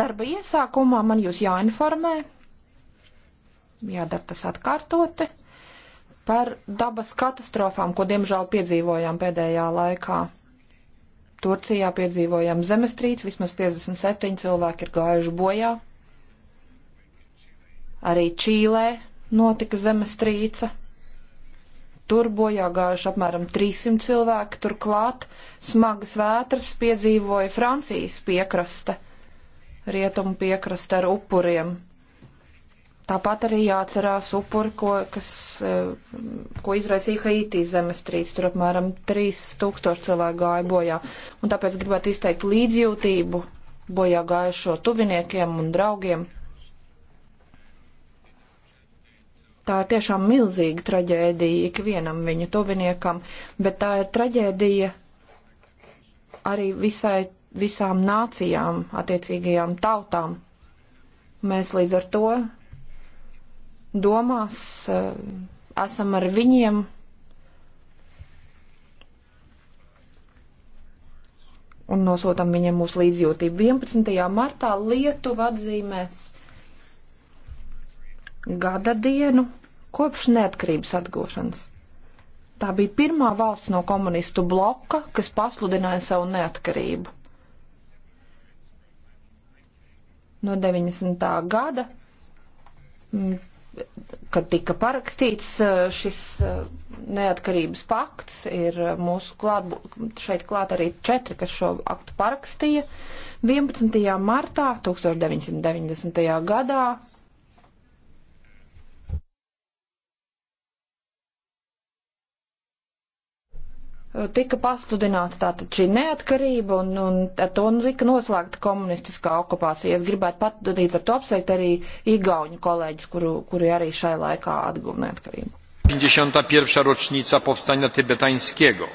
Darba iesākumā man jūs jāinformē, jādara tas atkārtoti, par dabas katastrofām, ko diemžēl piedzīvojām pēdējā laikā. Turcijā piedzīvojām zemestrīci, vismaz 57 cilvēki ir gājuši bojā. Arī Čīlē notika zemestrīce. Tur bojā gājuši apmēram 300 cilvēki, turklāt smagas vētras piedzīvoja Francijas piekraste rietumu piekrasta ar upuriem. Tāpat arī jāatcerās upuri, ko, kas, eh, ko izraisīja Haiti zemestrīce. Tur apmēram 3000 cilvēku gāja bojā. Un tāpēc gribētu izteikt līdzjūtību bojā gājušo tuviniekiem un draugiem. Tā ir tiešām milzīga traģēdija ikvienam viņu tuviniekam, bet tā ir traģēdija arī visai visām nācijām, attiecīgajām tautām. Mēs līdz ar to domās e, esam ar viņiem. Un nosūtam viņiem mūsu līdzjūtību. 11. martā Lietuva atzīmēs gada dienu kopš neatkarības atgošanas. Tā bija pirmā valsts no komunistu bloka, kas pasludināja savu neatkarību. no 90. gada, mm, kad tika parakstīts eh, šis eh, neatkarības pakts, ir eh, mūsu klāt, šeit klāt arī četri, kas šo aktu parakstīja. 11. martā 1990. gadā Eh, tika pasludināta tātad šī neatkarība un, un ar to nu, tika noslēgta komunistiskā okupācija. Es gribētu pat līdz ar to apsveikt arī igauņu kolēģis, kuru, kuri arī šai laikā atguva neatkarību. 51. ročnica povstaņa tibetańskiego.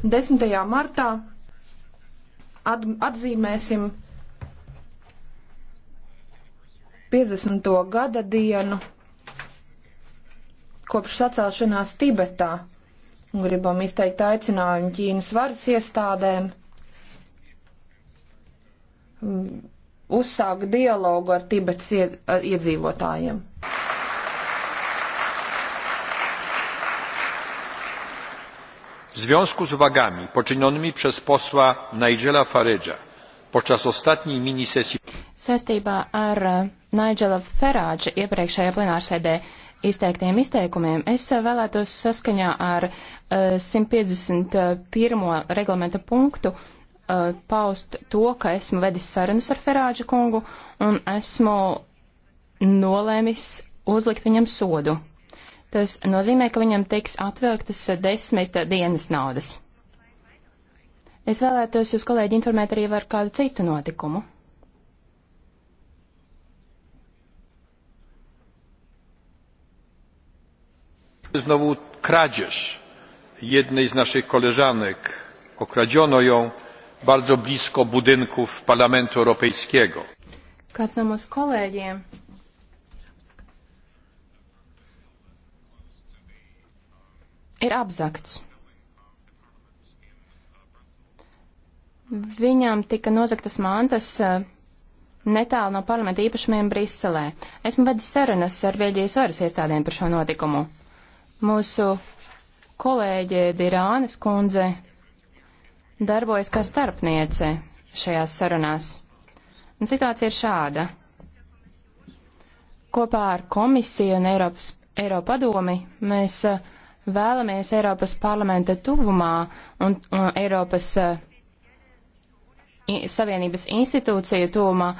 10. martā at, atzīmēsim 50. gada dienu kopš sacēlšanās Tibetā un gribam izteikt aicinājumu Ķīnas varas iestādēm mm, uzsākt dialogu ar Tibets iedzīvotājiem. W związku z uwagami poczynionymi przez posła Nigela Farage'a podczas ostatniej minisesji Sestībā ar e, Nigela Farage iepriekšējā plenārsēdē izteiktiem izteikumiem, es eh, vēlētos saskaņā ar 151. Eh, reglamenta punktu eh, paust to, ka esmu vedis sarunas ar Ferāģa kungu un esmu nolēmis uzlikt viņam sodu. Tas nozīmē, ka viņam tiks atvilktas desmit dienas naudas. Es vēlētos jūs, kolēģi, informēt arī par kādu citu notikumu. Znowu kradzież jednej z naszych koleżanek. Okradziono ją bardzo blisko budynków Parlamentu Europejskiego. Kāds no mūsu kolēģiem ir apzakts. Viņām tika nozaktas mantas eh, netālu no parlamenta īpašumiem Briselē. Esmu vedis sarunas ar Vēļģijas varas iestādēm par šo notikumu. Mūsu kolēģe Dirānes kundze darbojas kā starpniece šajās sarunās. Un situācija ir šāda. Kopā ar komisiju un Eiropas, Eiropa padomi mēs uh, vēlamies Eiropas parlamenta tuvumā un, un Eiropas uh, Savienības institūciju tūmā e,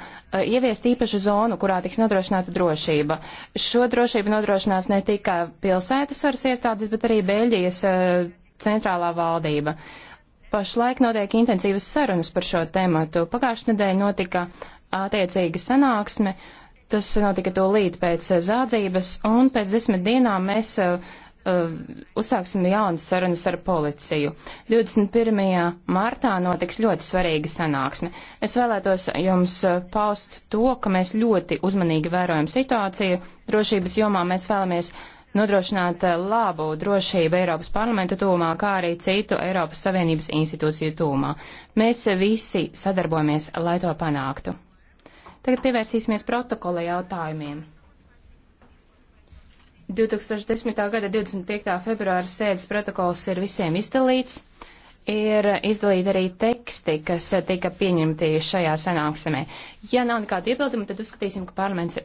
ieviest īpašu zonu, kurā tiks nodrošināta drošība. Šo drošību nodrošinās ne tikai pilsētas varas iestādes, bet arī Beļģijas e, centrālā valdība. Pašlaik notiek intensīvas sarunas par šo tematu. Pagājušajā nedēļā notika attiecīga sanāksme. Tas notika to līdz pēc e, zādzības, un pēc desmit dienām mēs uh, Uh, uzsāksim jaunas sarunas ar policiju. 21. martā notiks ļoti svarīga sanāksme. Es vēlētos jums uh, paust to, ka mēs ļoti uzmanīgi vērojam situāciju. Drošības jomā mēs vēlamies nodrošināt uh, labu drošību Eiropas parlamenta tūmā, kā arī citu Eiropas Savienības institūciju tūmā. Mēs visi sadarbojamies, lai to panāktu. Tagad pievērsīsimies protokola jautājumiem. 2010. gada 25. februāra sēdes protokols ir visiem izdalīts. Ir izdalīti arī teksti, kas tika pieņemti šajā sanāksmē. Ja nav nekāda iebilduma, tad uzskatīsim, ka parlaments.